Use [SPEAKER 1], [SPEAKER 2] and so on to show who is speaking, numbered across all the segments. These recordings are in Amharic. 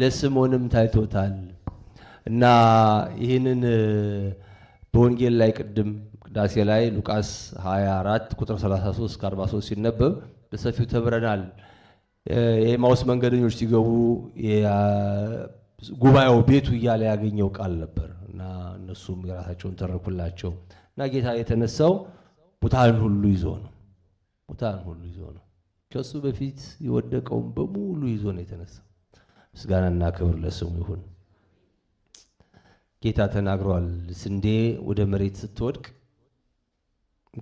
[SPEAKER 1] ለስምዖንም ታይቶታል እና ይህንን በወንጌል ላይ ቅድም ቅዳሴ ላይ ሉቃስ 24 ቁጥር 33 እስከ 43 ሲነበብ በሰፊው ተብረናል። የኤማውስ መንገደኞች ሲገቡ ጉባኤው ቤቱ እያለ ያገኘው ቃል ነበር እና እነሱም የራሳቸውን ተረኩላቸው እና ጌታ የተነሳው ሙታንን ሁሉ ይዞ ነው። ሙታንን ሁሉ ይዞ ነው። ከእሱ በፊት የወደቀውን በሙሉ ይዞ ነው የተነሳው። ምስጋናና ክብር ለስሙ ይሁን። ጌታ ተናግሯል። ስንዴ ወደ መሬት ስትወድቅ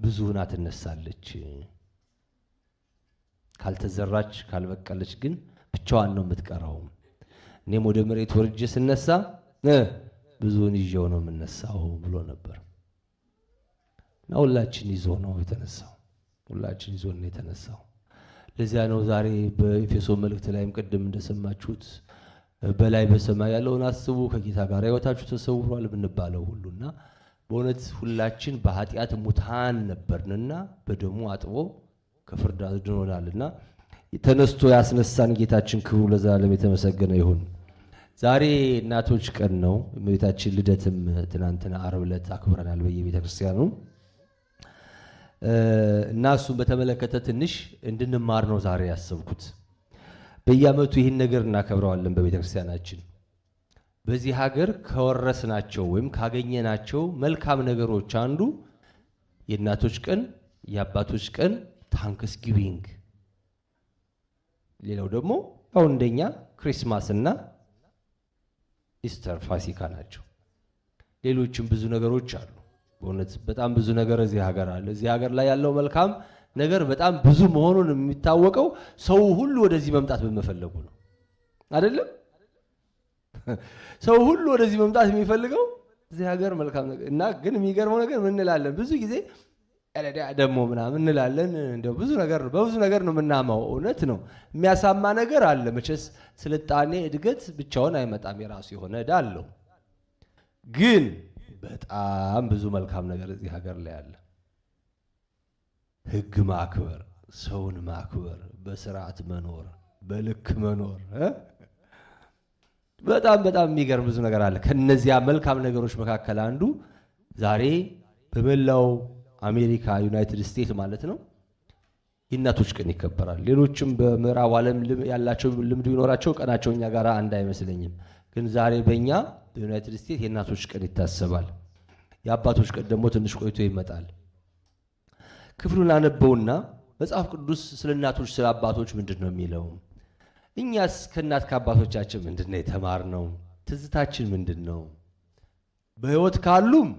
[SPEAKER 1] ብዙውን ትነሳለች። ካልተዘራች ካልበቀለች ግን ብቻዋን ነው የምትቀረው። እኔም ወደ መሬት ወርጄ ስነሳ ብዙውን ይዤው ነው የምነሳው ብሎ ነበር እና ሁላችን ይዞ ነው የተነሳው። ሁላችን ይዞ ነው የተነሳው። ለዚያ ነው ዛሬ በኤፌሶ መልእክት ላይም ቅድም እንደሰማችሁት በላይ በሰማይ ያለውን አስቡ ከጌታ ጋር ሕይወታችሁ ተሰውሯል የምንባለው ሁሉና በእውነት ሁላችን በኃጢአት ሙታን ነበርንና በደሙ አጥቦ ከፍርድ አድኖናልና ተነስቶ ያስነሳን ጌታችን ክብሩ ለዘላለም የተመሰገነ ይሁን። ዛሬ እናቶች ቀን ነው። እመቤታችን ልደትም ትናንትና ዓርብ ዕለት አክብረናል በየቤተክርስቲያኑ። እና እሱን በተመለከተ ትንሽ እንድንማር ነው ዛሬ ያሰብኩት። በየዓመቱ ይህን ነገር እናከብረዋለን በቤተ ክርስቲያናችን። በዚህ ሀገር ከወረስናቸው ወይም ካገኘናቸው መልካም ነገሮች አንዱ የእናቶች ቀን፣ የአባቶች ቀን ታንክስ ጊቪንግ፣ ሌላው ደግሞ ያው እንደኛ ክሪስማስ እና ኢስተር ፋሲካ ናቸው። ሌሎችም ብዙ ነገሮች አሉ። በእውነት በጣም ብዙ ነገር እዚህ ሀገር አለ። እዚህ ሀገር ላይ ያለው መልካም ነገር በጣም ብዙ መሆኑን የሚታወቀው ሰው ሁሉ ወደዚህ መምጣት በመፈለጉ ነው። አይደለም ሰው ሁሉ ወደዚህ መምጣት የሚፈልገው እዚህ ሀገር መልካም ነገር እና ግን የሚገርመው ነገር ምን እንላለን ብዙ ጊዜ ደግሞ ምናምን እንላለን። እንደው ብዙ ነገር በብዙ ነገር ነው የምናማው። እውነት ነው የሚያሳማ ነገር አለ። መቼስ ስልጣኔ እድገት ብቻውን አይመጣም፣ የራሱ የሆነ እዳ አለው ግን በጣም ብዙ መልካም ነገር እዚህ ሀገር ላይ አለ። ህግ ማክበር፣ ሰውን ማክበር፣ በስርዓት መኖር፣ በልክ መኖር፣ በጣም በጣም የሚገርም ብዙ ነገር አለ። ከነዚያ መልካም ነገሮች መካከል አንዱ ዛሬ በመላው አሜሪካ ዩናይትድ ስቴትስ ማለት ነው የእናቶች ቀን ይከበራል። ሌሎችም በምዕራብ ዓለም ያላቸው ልምድ ቢኖራቸው ቀናቸው እኛ ጋር አንድ አይመስለኝም። ግን ዛሬ በእኛ በዩናይትድ ስቴትስ የእናቶች ቀን ይታሰባል። የአባቶች ቀን ደግሞ ትንሽ ቆይቶ ይመጣል። ክፍሉን አነበውና መጽሐፍ ቅዱስ ስለ እናቶች ስለ አባቶች ምንድን ነው የሚለው? እኛስ ከእናት ከአባቶቻችን ምንድን ነው የተማርነው? ትዝታችን ምንድን ነው? በሕይወት ካሉም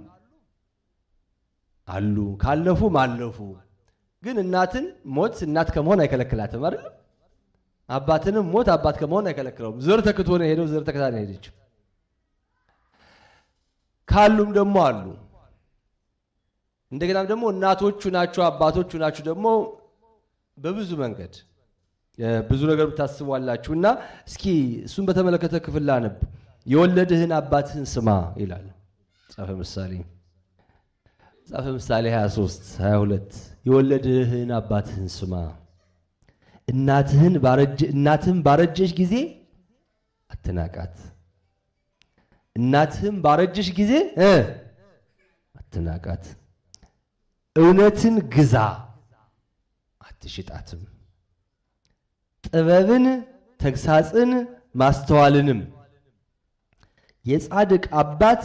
[SPEAKER 1] አሉ፣ ካለፉም አለፉ። ግን እናትን ሞት እናት ከመሆን አይከለክላትም አይደለም አባትንም ሞት አባት ከመሆን አይከለክለውም። ዘር ተክቶ ነው የሄደው፣ ዘር ተክታ ነው የሄደችው። ካሉም ደግሞ አሉ። እንደገናም ደግሞ እናቶቹ ናቸው አባቶቹ ናችሁ ደግሞ በብዙ መንገድ ብዙ ነገር ብታስቧላችሁ እና እስኪ እሱን በተመለከተ ክፍል ላንብ። የወለድህን አባትህን ስማ ይላል መጽሐፈ ምሳሌ መጽሐፈ ምሳሌ 23 22 የወለድህን አባትህን ስማ እናትህን እናትህን ባረጀሽ ጊዜ አትናቃት። እናትህን ባረጀሽ ጊዜ አትናቃት። እውነትን ግዛ አትሽጣትም። ጥበብን፣ ተግሳጽን፣ ማስተዋልንም የጻድቅ አባት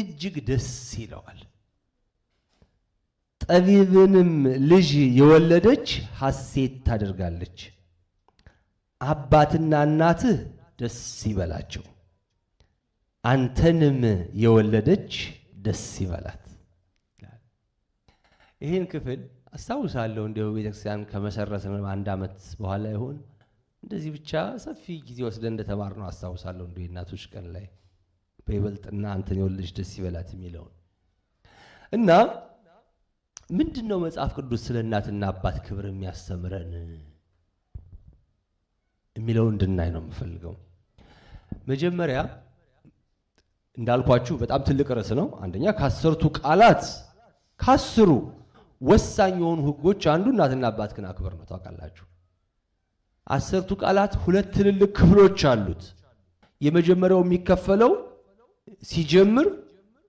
[SPEAKER 1] እጅግ ደስ ይለዋል። ጠቢብንም ልጅ የወለደች ሐሴት ታደርጋለች፣ አባትና እናትህ ደስ ይበላቸው፣ አንተንም የወለደች ደስ ይበላት። ይህን ክፍል አስታውሳለሁ። እንዲሁ ቤተክርስቲያን ከመሰረትን አንድ ዓመት በኋላ ይሆን እንደዚህ ብቻ ሰፊ ጊዜ ወስደን እንደተማር ነው አስታውሳለሁ። እንዲሁ የእናቶች ቀን ላይ በይበልጥና አንተን የወለደች ደስ ይበላት የሚለውን እና ምንድን ነው መጽሐፍ ቅዱስ ስለ እናትና አባት ክብር የሚያስተምረን የሚለው እንድናይ ነው የምፈልገው። መጀመሪያ እንዳልኳችሁ በጣም ትልቅ ርዕስ ነው። አንደኛ ከአስርቱ ቃላት ከአስሩ ወሳኝ የሆኑ ሕጎች አንዱ እናትና አባትህን አክብር ነው። ታውቃላችሁ አስርቱ ቃላት ሁለት ትልልቅ ክፍሎች አሉት። የመጀመሪያው የሚከፈለው ሲጀምር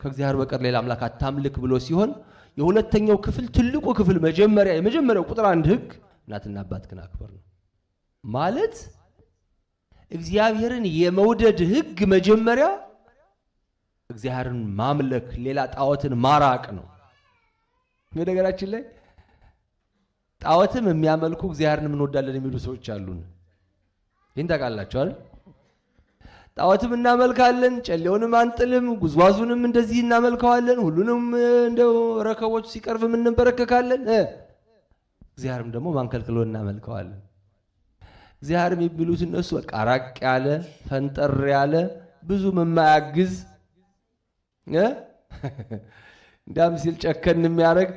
[SPEAKER 1] ከእግዚአብሔር በቀር ሌላ አምላክ አታምልክ ብሎ ሲሆን የሁለተኛው ክፍል ትልቁ ክፍል መጀመሪያ የመጀመሪያው ቁጥር አንድ ህግ እናትና አባትህን አክብር ነው ማለት እግዚአብሔርን የመውደድ ህግ መጀመሪያ እግዚአብሔርን ማምለክ ሌላ ጣዖትን ማራቅ ነው። በነገራችን ላይ ጣዖትም የሚያመልኩ እግዚአብሔርን እንወዳለን የሚሉ ሰዎች አሉን። ይህን ታውቃላችኋል። ጣዖትም እናመልካለን፣ ጨሌውንም አንጥልም፣ ጉዝጓዙንም እንደዚህ እናመልከዋለን፣ ሁሉንም እንደ ረከቦች ሲቀርብም እንበረከካለን። እግዚአብሔርም ደግሞ ማንከልክሎ እናመልከዋለን። እግዚአብሔር የሚሉት እነሱ በቃ ራቅ ያለ ፈንጠር ያለ ብዙ የማያግዝ እንዳም ሲል ጨከን የሚያደርግ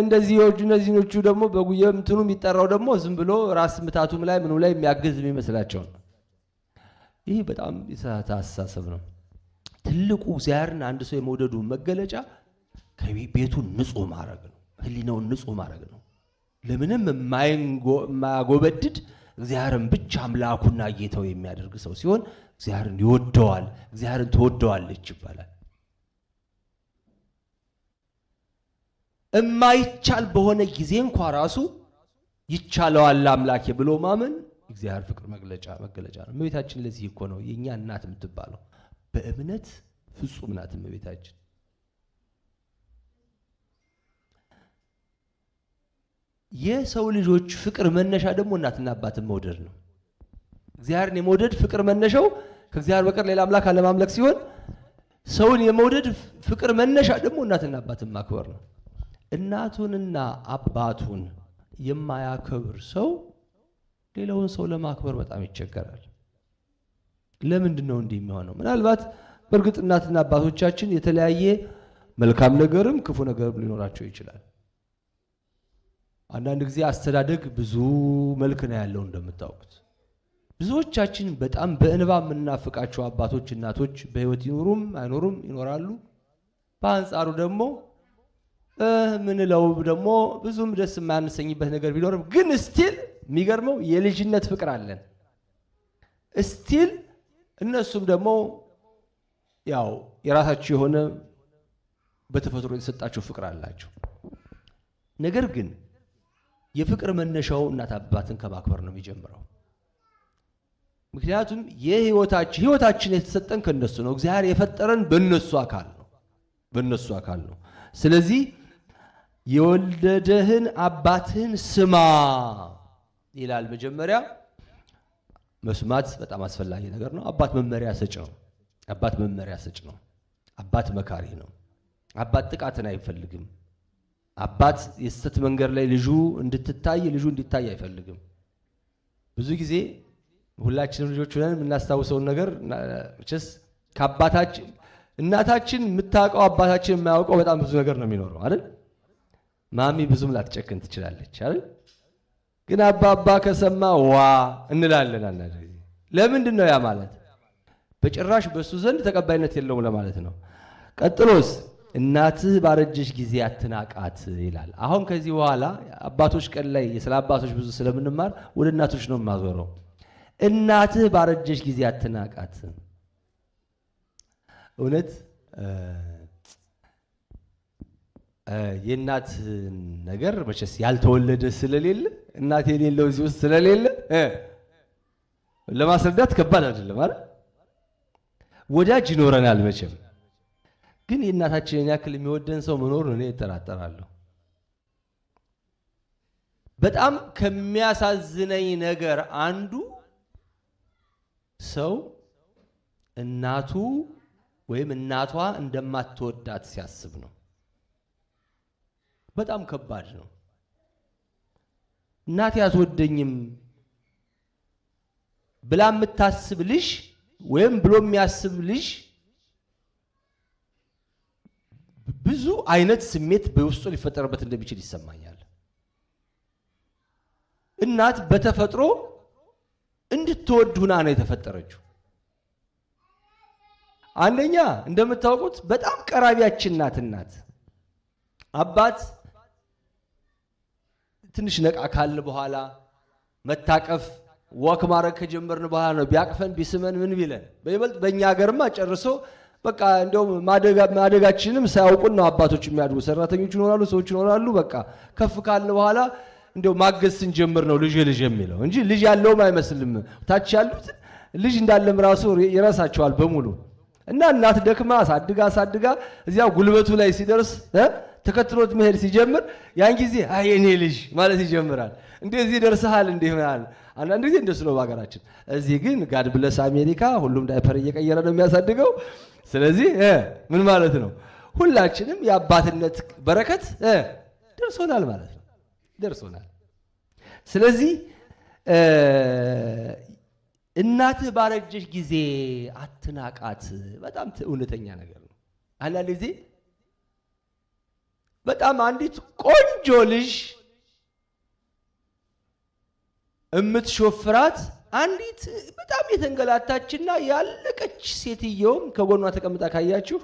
[SPEAKER 1] እንደዚህ ወጁ እነዚህኖቹ ደግሞ በጉየምትኑ የሚጠራው ደግሞ ዝም ብሎ ራስ ምታቱም ላይ ምኑም ላይ የሚያግዝ የሚመስላቸው ነው። ይህ በጣም የተሳሳተ አስተሳሰብ ነው። ትልቁ እግዚአብሔርን አንድ ሰው የመውደዱ መገለጫ ከቤቱን ንጹህ ማድረግ ነው። ህሊናውን ንጹህ ማድረግ ነው። ለምንም የማያጎበድድ እግዚአብሔርን ብቻ አምላኩና ጌታው የሚያደርግ ሰው ሲሆን እግዚአብሔርን ይወደዋል፣ እግዚአብሔርን ትወደዋለች ይባላል። እማይቻል በሆነ ጊዜ እንኳ ራሱ ይቻለዋል አምላኬ ብሎ ማመን እግዚአብሔር ፍቅር መግለጫ መገለጫ ነው። እመቤታችን ለዚህ እኮ ነው የእኛ እናት የምትባለው። በእምነት ፍጹም ናት እመቤታችን። የሰው ልጆች ፍቅር መነሻ ደግሞ እናትና አባትን መውደድ ነው። እግዚአብሔርን የመውደድ ፍቅር መነሻው ከእግዚአብሔር በቀር ሌላ አምላክ አለማምለክ ሲሆን ሰውን የመውደድ ፍቅር መነሻ ደግሞ እናትና አባትን ማክበር ነው። እናቱንና አባቱን የማያከብር ሰው ሌላውን ሰው ለማክበር በጣም ይቸገራል። ለምንድን ነው እንዲህ የሚሆነው? ምናልባት በእርግጥ እናትና አባቶቻችን የተለያየ መልካም ነገርም ክፉ ነገርም ሊኖራቸው ይችላል። አንዳንድ ጊዜ አስተዳደግ ብዙ መልክ ነው ያለው እንደምታውቁት። ብዙዎቻችን በጣም በእንባ የምናፍቃቸው አባቶች፣ እናቶች በህይወት ይኖሩም አይኖሩም ይኖራሉ። በአንጻሩ ደግሞ ምንለው ደግሞ ብዙም ደስ የማያነሰኝበት ነገር ቢኖርም ግን ስቲል የሚገርመው የልጅነት ፍቅር አለን እስቲል እነሱም ደግሞ ያው የራሳቸው የሆነ በተፈጥሮ የተሰጣቸው ፍቅር አላቸው። ነገር ግን የፍቅር መነሻው እናት አባትን ከማክበር ነው የሚጀምረው። ምክንያቱም የህይወታችን ህይወታችን የተሰጠን ከነሱ ነው። እግዚአብሔር የፈጠረን በነሱ አካል ነው በነሱ አካል ነው። ስለዚህ የወለደህን አባትህን ስማ ይላል። መጀመሪያ መስማት በጣም አስፈላጊ ነገር ነው። አባት መመሪያ ሰጭ ነው። አባት መመሪያ ሰጭ ነው። አባት መካሪ ነው። አባት ጥቃትን አይፈልግም። አባት የስህተት መንገድ ላይ ልጁ እንድትታይ ልጁ እንዲታይ አይፈልግም። ብዙ ጊዜ ሁላችን ልጆች ሆነን የምናስታውሰውን ነገር ስ ከአባታችን እናታችን የምታውቀው አባታችን የማያውቀው በጣም ብዙ ነገር ነው የሚኖረው አይደል? ማሚ ብዙም ላትጨክን ትችላለች አይደል? ግን አባባ ከሰማ ዋ እንላለን። አንዳንድ ለምንድን ነው ያ ማለት? በጭራሽ በእሱ ዘንድ ተቀባይነት የለውም ለማለት ነው። ቀጥሎስ እናትህ ባረጀሽ ጊዜ አትናቃት ይላል። አሁን ከዚህ በኋላ አባቶች ቀን ላይ ስለ አባቶች ብዙ ስለምንማር ወደ እናቶች ነው የማዞረው። እናትህ ባረጀሽ ጊዜ አትናቃት። እውነት የእናት ነገር መቼስ ያልተወለደ ስለሌለ እናቴ የሌለው እዚህ ውስጥ ስለሌለ ለማስረዳት ከባድ አይደለም አይደል? ወዳጅ ይኖረናል መቼም። ግን የእናታችንን ያክል የሚወደን ሰው መኖር እኔ እጠራጠራለሁ። በጣም ከሚያሳዝነኝ ነገር አንዱ ሰው እናቱ ወይም እናቷ እንደማትወዳት ሲያስብ ነው። በጣም ከባድ ነው። እናቴ አትወደኝም ብላ የምታስብ ልጅ ወይም ብሎ የሚያስብ ልጅ ብዙ አይነት ስሜት በውስጡ ሊፈጠርበት እንደሚችል ይሰማኛል። እናት በተፈጥሮ እንድትወድ ሁና ነው የተፈጠረችው። አንደኛ እንደምታውቁት በጣም ቀራቢያችን ናት እናት አባት ትንሽ ነቃ ካልን በኋላ መታቀፍ ወክ ማድረግ ከጀመርን በኋላ ነው ቢያቅፈን ቢስመን ምን ቢለን። በይበልጥ በእኛ ሀገርማ ጨርሶ በቃ እንደውም ማደጋችንም ሳያውቁን ነው አባቶች የሚያድጉ። ሰራተኞች ይኖራሉ፣ ሰዎች ይኖራሉ። በቃ ከፍ ካልን በኋላ እንደው ማገዝ ስንጀምር ነው ልጅ ልጅ የሚለው እንጂ ልጅ ያለውም አይመስልም። ታች ያሉት ልጅ እንዳለም ራሱ ይረሳቸዋል በሙሉ እና እናት ደክማ አሳድጋ አሳድጋ እዚያ ጉልበቱ ላይ ሲደርስ ተከትሎት መሄድ ሲጀምር ያን ጊዜ የኔ ልጅ ማለት ይጀምራል። እንደዚህ ደርሰሃል እንዲህ ምናምን አንዳንድ ጊዜ እንደሱ ነው በሀገራችን። እዚህ ግን ጋድ ብለስ አሜሪካ ሁሉም ዳይፐር እየቀየረ ነው የሚያሳድገው። ስለዚህ ምን ማለት ነው? ሁላችንም የአባትነት በረከት ደርሶናል ማለት ነው፣ ደርሶናል። ስለዚህ እናትህ ባረጀች ጊዜ አትናቃት። በጣም እውነተኛ ነገር ነው። አንዳንድ ጊዜ በጣም አንዲት ቆንጆ ልጅ እምትሾፍራት አንዲት በጣም የተንገላታችና ያለቀች ሴትየውም ከጎኗ ተቀምጣ ካያችሁ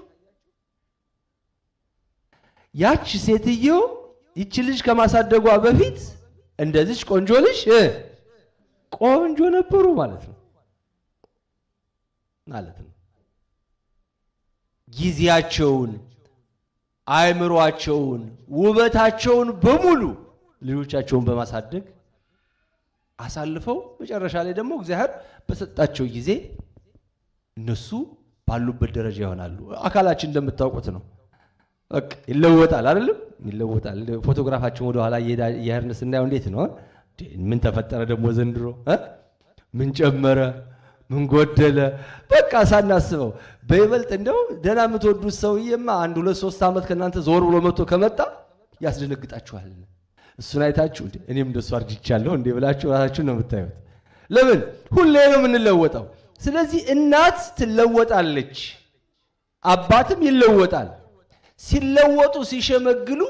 [SPEAKER 1] ያች ሴትየው ይቺ ልጅ ከማሳደጓ በፊት እንደዚች ቆንጆ ልጅ ቆንጆ ነበሩ ማለት ነው ማለት ነው ጊዜያቸውን አእምሯቸውን፣ ውበታቸውን በሙሉ ልጆቻቸውን በማሳደግ አሳልፈው መጨረሻ ላይ ደግሞ እግዚአብሔር በሰጣቸው ጊዜ እነሱ ባሉበት ደረጃ ይሆናሉ። አካላችን እንደምታውቁት ነው። በቃ ይለወጣል፣ አይደለም ይለወጣል። ፎቶግራፋችን ወደኋላ እየሄድን ስናየው እንዴት ነው? ምን ተፈጠረ ደግሞ ዘንድሮ ምን ጨመረ ምን ጎደለ፣ በቃ ሳናስበው በይበልጥ እንደው ደህና የምትወዱት ሰውዬማ አንድ ሁለት ሶስት ዓመት ከእናንተ ዞር ብሎ መጥቶ ከመጣ ያስደነግጣችኋል። እሱን አይታችሁ እኔም እንደሱ አርጅቻለሁ እንዴ ብላችሁ ራሳችሁን ነው የምታዩት። ለምን ሁሌ ነው የምንለወጠው። ስለዚህ እናት ትለወጣለች፣ አባትም ይለወጣል። ሲለወጡ ሲሸመግሉ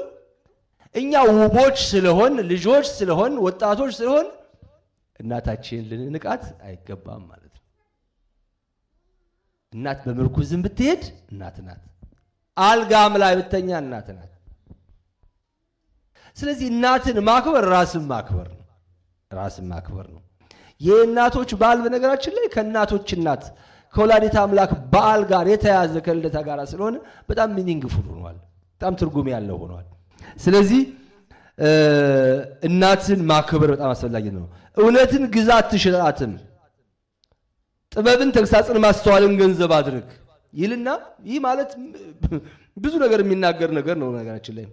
[SPEAKER 1] እኛ ውቦች ስለሆን ልጆች ስለሆን ወጣቶች ስለሆን እናታችንን ልንንቃት አይገባም ማለት ነው። እናት በምርኩዝም ብትሄድ እናት ናት። አልጋም ላይ ብተኛ እናት ናት። ስለዚህ እናትን ማክበር ራስን ማክበር ነው። ራስን ማክበር ነው። የእናቶች በዓል በነገራችን ላይ ከእናቶች እናት ከወላዲት አምላክ በዓል ጋር የተያዘ ከልደታ ጋር ስለሆነ በጣም ሚኒንግፉል ሆኗል። በጣም ትርጉም ያለው ሆኗል። ስለዚህ እናትን ማክበር በጣም አስፈላጊ ነው። እውነትን ግዛት ትሽጣትም ጥበብን ተግሳጽን ማስተዋልን ገንዘብ አድርግ ይልና ይህ ማለት ብዙ ነገር የሚናገር ነገር ነው። ነገራችን ላይ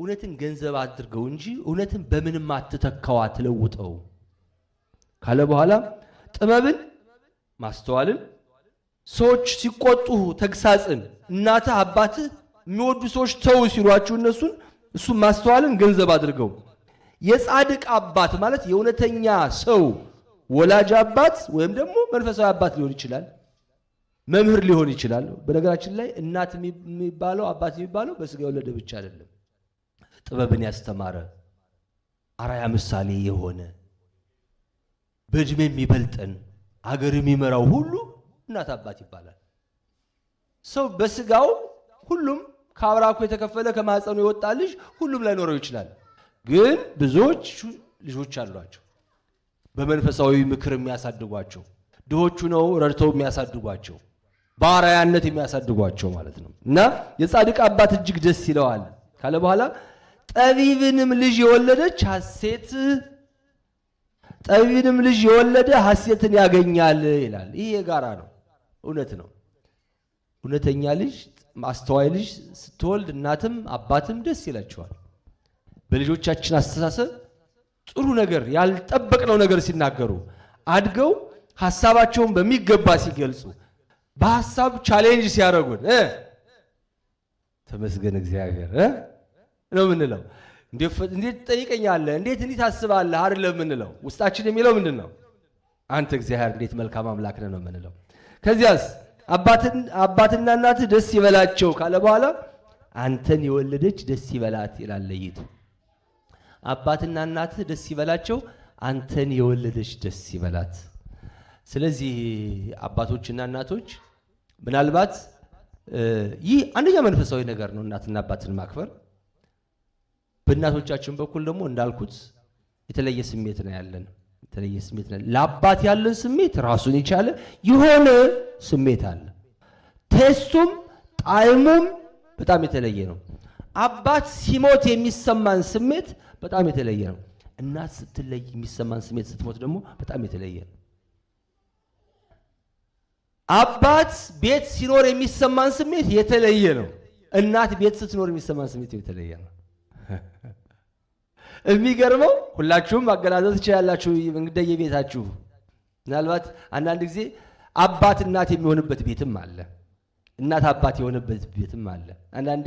[SPEAKER 1] እውነትን ገንዘብ አድርገው እንጂ እውነትን በምንም አትተካዋ ትለውጠው ካለ በኋላ ጥበብን ማስተዋልን ሰዎች ሲቆጡ ተግሳጽን እናትህ አባትህ የሚወዱ ሰዎች ተው ሲሏችሁ እነሱን እሱ ማስተዋልን ገንዘብ አድርገው የጻድቅ አባት ማለት የእውነተኛ ሰው ወላጅ አባት ወይም ደግሞ መንፈሳዊ አባት ሊሆን ይችላል፣ መምህር ሊሆን ይችላል። በነገራችን ላይ እናት የሚባለው አባት የሚባለው በስጋ የወለደ ብቻ አይደለም። ጥበብን ያስተማረ አራያ ምሳሌ የሆነ በእድሜ የሚበልጠን አገር የሚመራው ሁሉ እናት አባት ይባላል። ሰው በስጋው ሁሉም ከአብራኩ የተከፈለ ከማህፀኑ የወጣ ልጅ ሁሉም ላይኖረው ይችላል። ግን ብዙዎች ልጆች አሏቸው። በመንፈሳዊ ምክር የሚያሳድጓቸው፣ ድሆቹ ነው ረድተው የሚያሳድጓቸው፣ በአርአያነት የሚያሳድጓቸው ማለት ነው። እና የጻድቅ አባት እጅግ ደስ ይለዋል ካለ በኋላ ጠቢብንም ልጅ የወለደች ሐሴት ጠቢብንም ልጅ የወለደ ሐሴትን ያገኛል ይላል። ይህ የጋራ ነው፣ እውነት ነው። እውነተኛ ልጅ አስተዋይ ልጅ ስትወልድ እናትም አባትም ደስ ይላቸዋል። በልጆቻችን አስተሳሰብ ጥሩ ነገር ያልጠበቅነው ነገር ሲናገሩ አድገው ሀሳባቸውን በሚገባ ሲገልጹ በሀሳብ ቻሌንጅ ሲያደርጉን ተመስገን እግዚአብሔር ነው የምንለው። እንዴት ትጠይቀኛለህ? እንዴት እንዲህ ታስባለህ? አይደለም የምንለው። ውስጣችን የሚለው ምንድን ነው? አንተ እግዚአብሔር እንዴት መልካም አምላክ ነው የምንለው። ከዚያስ አባትና እናት ደስ ይበላቸው ካለ በኋላ አንተን የወለደች ደስ ይበላት ይላል ለይቱ አባትና እናትህ ደስ ይበላቸው፣ አንተን የወለደች ደስ ይበላት። ስለዚህ አባቶችና እናቶች ምናልባት ይህ አንደኛ መንፈሳዊ ነገር ነው፣ እናትና አባትን ማክበር። በእናቶቻችን በኩል ደግሞ እንዳልኩት የተለየ ስሜት ነው ያለን። የተለየ ስሜት ነው ለአባት ያለን ስሜት ራሱን የቻለ የሆነ ስሜት አለ። ቴስቱም ጣዕሙም በጣም የተለየ ነው። አባት ሲሞት የሚሰማን ስሜት በጣም የተለየ ነው። እናት ስትለይ የሚሰማን ስሜት ስትሞት ደግሞ በጣም የተለየ ነው። አባት ቤት ሲኖር የሚሰማን ስሜት የተለየ ነው። እናት ቤት ስትኖር የሚሰማን ስሜት የተለየ ነው። የሚገርመው ሁላችሁም ማገናዘብ ትችላላችሁ እንደየቤታችሁ። ምናልባት አንዳንድ ጊዜ አባት እናት የሚሆንበት ቤትም አለ። እናት አባት የሆነበት ቤትም አለ። አንዳንዴ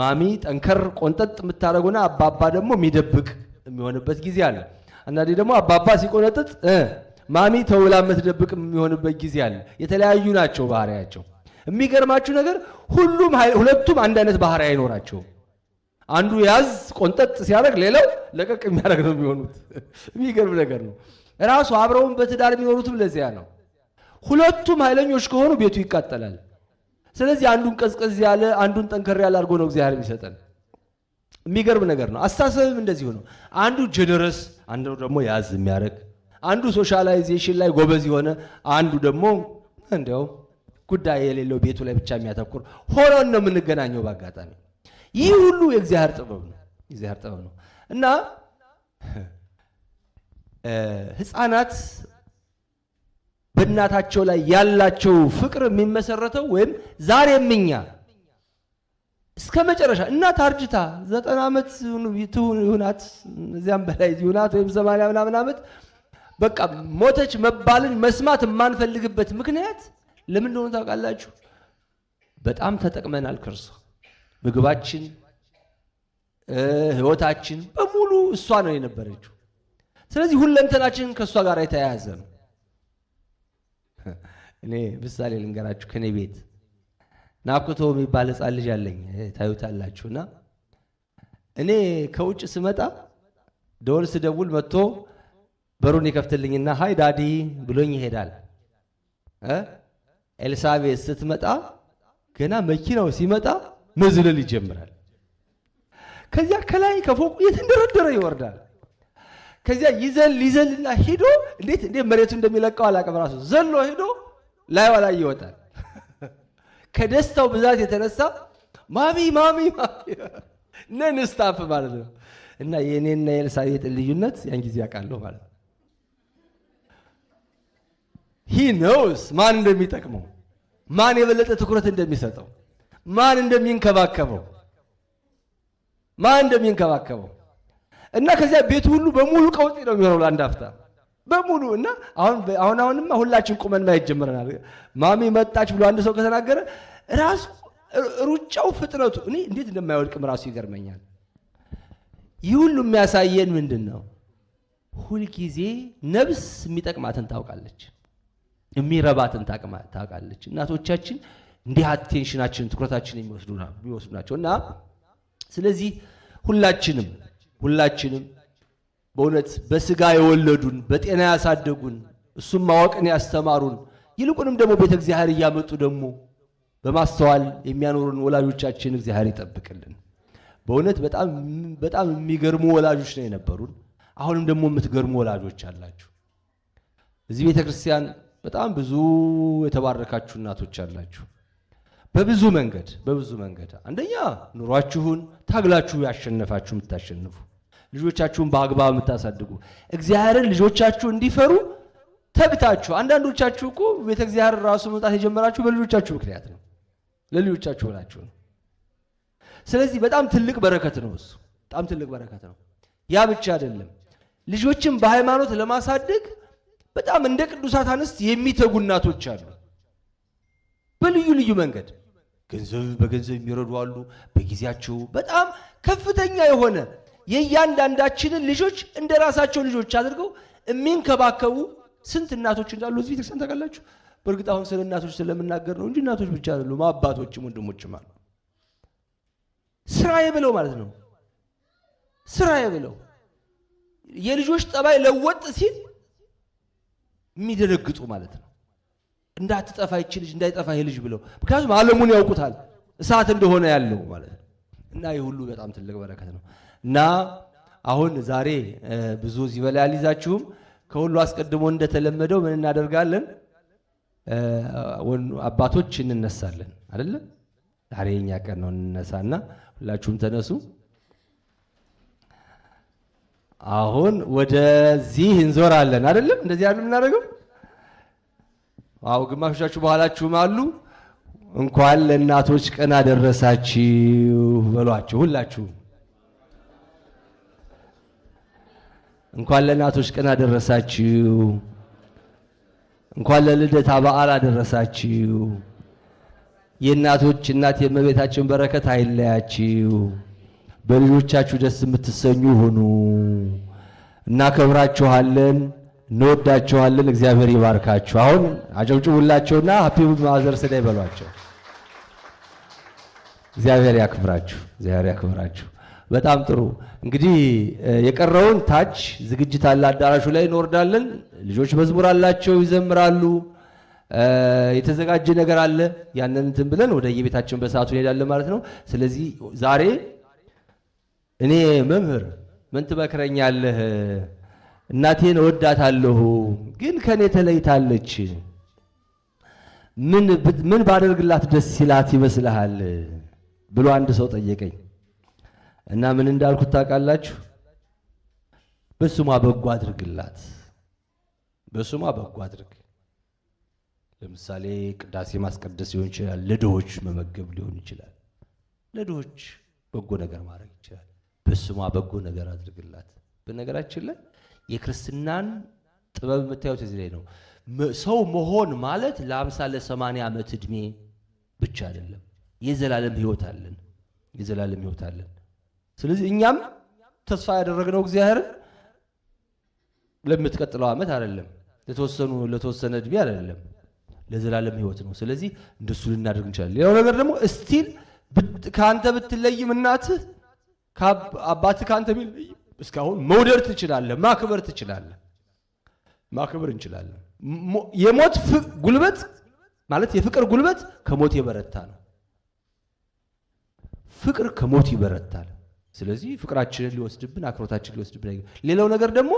[SPEAKER 1] ማሚ ጠንከር ቆንጠጥ የምታደርጉና አባባ ደግሞ የሚደብቅ የሚሆንበት ጊዜ አለ። አንዳንዴ ደግሞ አባባ ሲቆነጥጥ ማሚ ተውላ የምትደብቅ የሚሆንበት ጊዜ አለ። የተለያዩ ናቸው ባህሪያቸው። የሚገርማችሁ ነገር ሁሉም ሁለቱም አንድ አይነት ባህሪ አይኖራቸውም። አንዱ ያዝ ቆንጠጥ ሲያደርግ፣ ሌላው ለቀቅ የሚያደርግ ነው የሚሆኑት። የሚገርም ነገር ነው። እራሱ አብረውን በትዳር የሚኖሩትም ለዚያ ነው። ሁለቱም ኃይለኞች ከሆኑ ቤቱ ይቃጠላል። ስለዚህ አንዱን ቀዝቀዝ ያለ አንዱን ጠንከር ያለ አድርጎ ነው እግዚአብሔር የሚሰጠን። የሚገርም ነገር ነው። አስተሳሰብም እንደዚሁ ነው። አንዱ ጀነረስ፣ አንዱ ደግሞ ያዝ የሚያደርግ፣ አንዱ ሶሻላይዜሽን ላይ ጎበዝ የሆነ፣ አንዱ ደግሞ እንዲያው ጉዳይ የሌለው ቤቱ ላይ ብቻ የሚያተኩር ሆነን ነው የምንገናኘው በአጋጣሚ። ይህ ሁሉ የእግዚአብሔር ጥበብ ነው። እግዚአብሔር ጥበብ ነው እና ህፃናት በእናታቸው ላይ ያላቸው ፍቅር የሚመሰረተው ወይም ዛሬም እኛ እስከ መጨረሻ እናት አርጅታ ዘጠና ዓመት ይሁናት እዚያም በላይ ይሁናት ወይም ሰማንያ ምናምን ዓመት በቃ ሞተች መባልን መስማት የማንፈልግበት ምክንያት ለምን እንደሆነ ታውቃላችሁ? በጣም ተጠቅመናል ከእርሷ ምግባችን፣ ህይወታችን በሙሉ እሷ ነው የነበረችው። ስለዚህ ሁለንተናችን ከእሷ ጋር የተያያዘ ነው። እኔ ምሳሌ ልንገራችሁ። ከኔ ቤት ናኩቶ የሚባል ሕፃን ልጅ አለኝ ታዩታላችሁ። እና እኔ ከውጭ ስመጣ ደወል ስደውል መጥቶ በሩን ይከፍትልኝና ሀይ ዳዲ ብሎኝ ይሄዳል። ኤልሳቤት ስትመጣ ገና መኪናው ሲመጣ መዝለል ይጀምራል። ከዚያ ከላይ ከፎቁ እየተንደረደረ ይወርዳል። ከዚያ ይዘል ይዘልና ሂዶ እንዴት እንዴት መሬቱ እንደሚለቀው አላውቅም። ራሱ ዘሎ ሂዶ ላይ ላይ ይወጣል። ከደስታው ብዛት የተነሳ ማሚ ማሚ ማሚ ነን ስታፍ ማለት ነው። እና የእኔና የኤልሳቤጥ ልዩነት ያን ጊዜ ያውቃለሁ ማለት ነው። ሂ ኖውስ ማን እንደሚጠቅመው፣ ማን የበለጠ ትኩረት እንደሚሰጠው፣ ማን እንደሚንከባከበው ማን እንደሚንከባከበው እና ከዚያ ቤቱ ሁሉ በሙሉ ቀውጢ ነው የሚሆነው ለአንድ አፍታ በሙሉ እና አሁን አሁን አሁንማ ሁላችን ቁመን ማየት ጀምረናል። ማሚ መጣች ብሎ አንድ ሰው ከተናገረ ራሱ ሩጫው ፍጥነቱ እኔ እንዴት እንደማይወድቅም ራሱ ይገርመኛል። ይህ ሁሉ የሚያሳየን ምንድን ነው? ሁልጊዜ ነብስ የሚጠቅማትን ታውቃለች፣ የሚረባትን ታውቃለች። እናቶቻችን እንዲህ አቴንሽናችን ትኩረታችን የሚወስዱ ናቸው እና ስለዚህ ሁላችንም ሁላችንም በእውነት በስጋ የወለዱን በጤና ያሳደጉን እሱም ማወቅን ያስተማሩን ይልቁንም ደግሞ ቤተ እግዚአብሔር እያመጡ ደግሞ በማስተዋል የሚያኖሩን ወላጆቻችን እግዚአብሔር ይጠብቅልን። በእውነት በጣም የሚገርሙ ወላጆች ነው የነበሩን። አሁንም ደግሞ የምትገርሙ ወላጆች አላችሁ። እዚህ ቤተ ክርስቲያን በጣም ብዙ የተባረካችሁ እናቶች አላችሁ። በብዙ መንገድ በብዙ መንገድ አንደኛ ኑሯችሁን ታግላችሁ ያሸነፋችሁ የምታሸንፉ ልጆቻችሁን በአግባብ የምታሳድጉ እግዚአብሔርን ልጆቻችሁ እንዲፈሩ ተግታችሁ። አንዳንዶቻችሁ እኮ ቤተ እግዚአብሔር ራሱ መምጣት የጀመራችሁ በልጆቻችሁ ምክንያት ነው፣ ለልጆቻችሁ ብላችሁ ነው። ስለዚህ በጣም ትልቅ በረከት ነው እሱ፣ በጣም ትልቅ በረከት ነው። ያ ብቻ አይደለም፣ ልጆችን በሃይማኖት ለማሳደግ በጣም እንደ ቅዱሳት አንስት የሚተጉ እናቶች አሉ፣ በልዩ ልዩ መንገድ ገንዘብ በገንዘብ የሚረዱ አሉ፣ በጊዜያቸው በጣም ከፍተኛ የሆነ የእያንዳንዳችንን ልጆች እንደ ራሳቸው ልጆች አድርገው የሚንከባከቡ ስንት እናቶች እንዳሉ እዚህ ቤተክርስቲያን ታውቃላችሁ። በእርግጥ አሁን ስለ እናቶች ስለምናገር ነው እንጂ እናቶች ብቻ አይደሉም፣ አባቶችም ወንድሞችም አሉ። ስራዬ ብለው ማለት ነው። ስራዬ ብለው የልጆች ጠባይ ለወጥ ሲል የሚደነግጡ ማለት ነው። እንዳትጠፋ ይች ልጅ እንዳይጠፋ ይሄ ልጅ ብለው ምክንያቱም ዓለሙን ያውቁታል እሳት እንደሆነ ያለው ማለት ነው። እና ይህ ሁሉ በጣም ትልቅ በረከት ነው። እና አሁን ዛሬ ብዙ እዚህ በላይ አልይዛችሁም። ከሁሉ አስቀድሞ እንደተለመደው ምን እናደርጋለን? አባቶች እንነሳለን አይደለም። ዛሬ የኛ ቀን ነው። እንነሳና ሁላችሁም ተነሱ። አሁን ወደዚህ እንዞራለን አይደለም? እንደዚህ አይደለም የምናደርገው አዎ፣ ግማሾቻችሁ በኋላችሁም አሉ። እንኳን ለእናቶች ቀን አደረሳችሁ በሏችሁ ሁላችሁም እንኳን ለእናቶች ቀን አደረሳችሁ። እንኳን ለልደታ በዓል አደረሳችሁ። የእናቶች እናት የእመቤታችን በረከት አይለያችሁ። በልጆቻችሁ ደስ የምትሰኙ ሁኑ። እናከብራችኋለን፣ እንወዳችኋለን። እግዚአብሔር ይባርካችሁ። አሁን አጨብጭቡላቸውና ሀፒ ማዘርስ ዴይ በሏቸው። እግዚአብሔር ያክብራችሁ። እግዚአብሔር ያክብራችሁ። በጣም ጥሩ እንግዲህ የቀረውን ታች ዝግጅት አለ አዳራሹ ላይ እንወርዳለን። ልጆች መዝሙር አላቸው፣ ይዘምራሉ። የተዘጋጀ ነገር አለ። ያንን እንትን ብለን ወደ የቤታችን በሰዓቱ እንሄዳለን ማለት ነው። ስለዚህ ዛሬ እኔ መምህር ምን ትመክረኛለህ? እናቴን እወዳታለሁ፣ ግን ከእኔ ተለይታለች። ምን ባደርግላት ደስ ይላት ይመስልሃል? ብሎ አንድ ሰው ጠየቀኝ። እና ምን እንዳልኩት ታውቃላችሁ? በስሟ በጎ አድርግላት፣ በስሟ በጎ አድርግ። ለምሳሌ ቅዳሴ ማስቀደስ ሊሆን ይችላል፣ ለድሆች መመገብ ሊሆን ይችላል፣ ለድሆች በጎ ነገር ማድረግ ይችላል። በስሟ በጎ ነገር አድርግላት። በነገራችን ላይ የክርስትናን ጥበብ የምታዩት እዚህ ላይ ነው። ሰው መሆን ማለት ለአምሳ ለሰማንያ ዓመት ዕድሜ ብቻ አይደለም፣ የዘላለም ህይወት አለን፣ የዘላለም ህይወት አለን። ስለዚህ እኛም ተስፋ ያደረግነው እግዚአብሔር ለምትቀጥለው ዓመት አይደለም፣ ለተወሰኑ ለተወሰነ እድሜ አይደለም፣ ለዘላለም ህይወት ነው። ስለዚህ እንደሱ ልናደርግ እንችላለን። ሌላው ነገር ደግሞ እስቲል ከአንተ ብትለይም እናትህ አባትህ ከአንተ ቢለይም እስካሁን መውደድ ትችላለህ፣ ማክበር ትችላለህ፣ ማክበር እንችላለን። የሞት ጉልበት ማለት የፍቅር ጉልበት ከሞት የበረታ ነው። ፍቅር ከሞት ይበረታል። ስለዚህ ፍቅራችንን ሊወስድብን፣ አክሮታችን ሊወስድብን ሌላው ነገር ደግሞ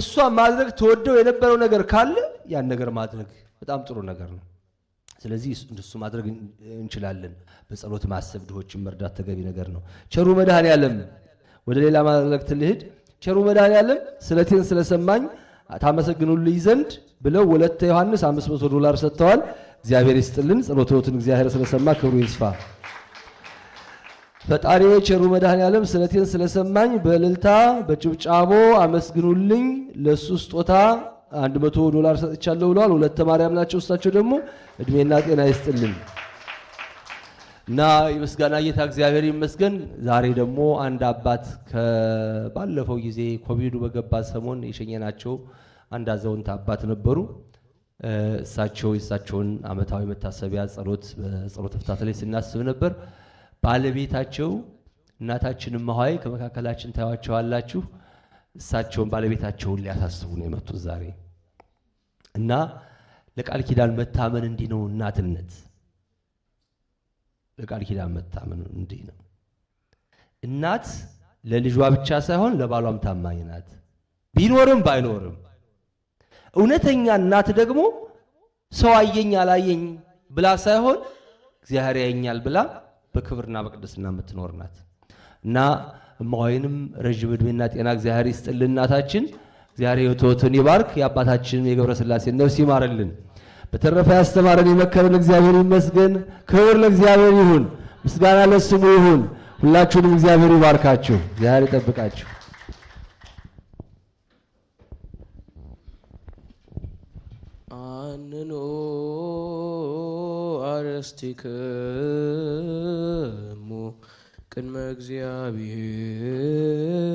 [SPEAKER 1] እሷ ማድረግ ተወደው የነበረው ነገር ካለ ያን ነገር ማድረግ በጣም ጥሩ ነገር ነው። ስለዚህ እንደሱ ማድረግ እንችላለን። በጸሎት ማሰብ፣ ድሆችን መርዳት ተገቢ ነገር ነው። ቸሩ መድኃኔ ያለም ወደ ሌላ መልእክት ልሂድ። ቸሩ መድኃኔ ያለም ስለቴን ስለሰማኝ ታመሰግኑልኝ ዘንድ ብለው ወለተ ዮሐንስ 500 ዶላር ሰጥተዋል። እግዚአብሔር ይስጥልን። ጸሎትዎትን እግዚአብሔር ስለሰማ ክብሩ ይስፋ። ፈጣሪ ቸሩ መድኃኔ ዓለም ስለቴን ስለሰማኝ በእልልታ በጭብጫቦ አመስግኑልኝ። ለእሱ ስጦታ አንድ መቶ ዶላር ሰጥቻለሁ ብለዋል። ሁለተ ማርያም ናቸው። እሳቸው ደግሞ እድሜና ጤና ይስጥልን እና የምስጋና ጌታ እግዚአብሔር ይመስገን። ዛሬ ደግሞ አንድ አባት ከባለፈው ጊዜ ኮቪዱ በገባ ሰሞን የሸኘናቸው አንድ አዛውንት አባት ነበሩ። እሳቸው የእሳቸውን ዓመታዊ መታሰቢያ ጸሎት በጸሎት ፍታት ላይ ስናስብ ነበር። ባለቤታቸው እናታችን እማሆይ ከመካከላችን ታዋቸዋላችሁ። እሳቸውን ባለቤታቸውን ሊያሳስቡ ነው የመጡት ዛሬ እና ለቃል ኪዳን መታመን እንዲህ ነው እናትነት። ለቃል ኪዳን መታመን እንዲህ ነው። እናት ለልጇ ብቻ ሳይሆን ለባሏም ታማኝ ናት፣ ቢኖርም ባይኖርም። እውነተኛ እናት ደግሞ ሰው አየኝ አላየኝ ብላ ሳይሆን እግዚአብሔር ያየኛል ብላ በክብርና በቅድስና የምትኖር ናት እና እማዋይንም ረዥም እድሜና ጤና እግዚአብሔር ይስጥልን። እናታችን እግዚአብሔር ሕይወቶትን ይባርክ። የአባታችን የገብረ ሥላሴን ነፍስ ይማርልን። በተረፈ ያስተማረን የመከረን እግዚአብሔር ይመስገን። ክብር ለእግዚአብሔር ይሁን፣ ምስጋና ለስሙ ይሁን። ሁላችሁንም እግዚአብሔር ይባርካችሁ፣ እግዚአብሔር ይጠብቃችሁ። እስቲክሙ ቅድመ እግዚአብሔር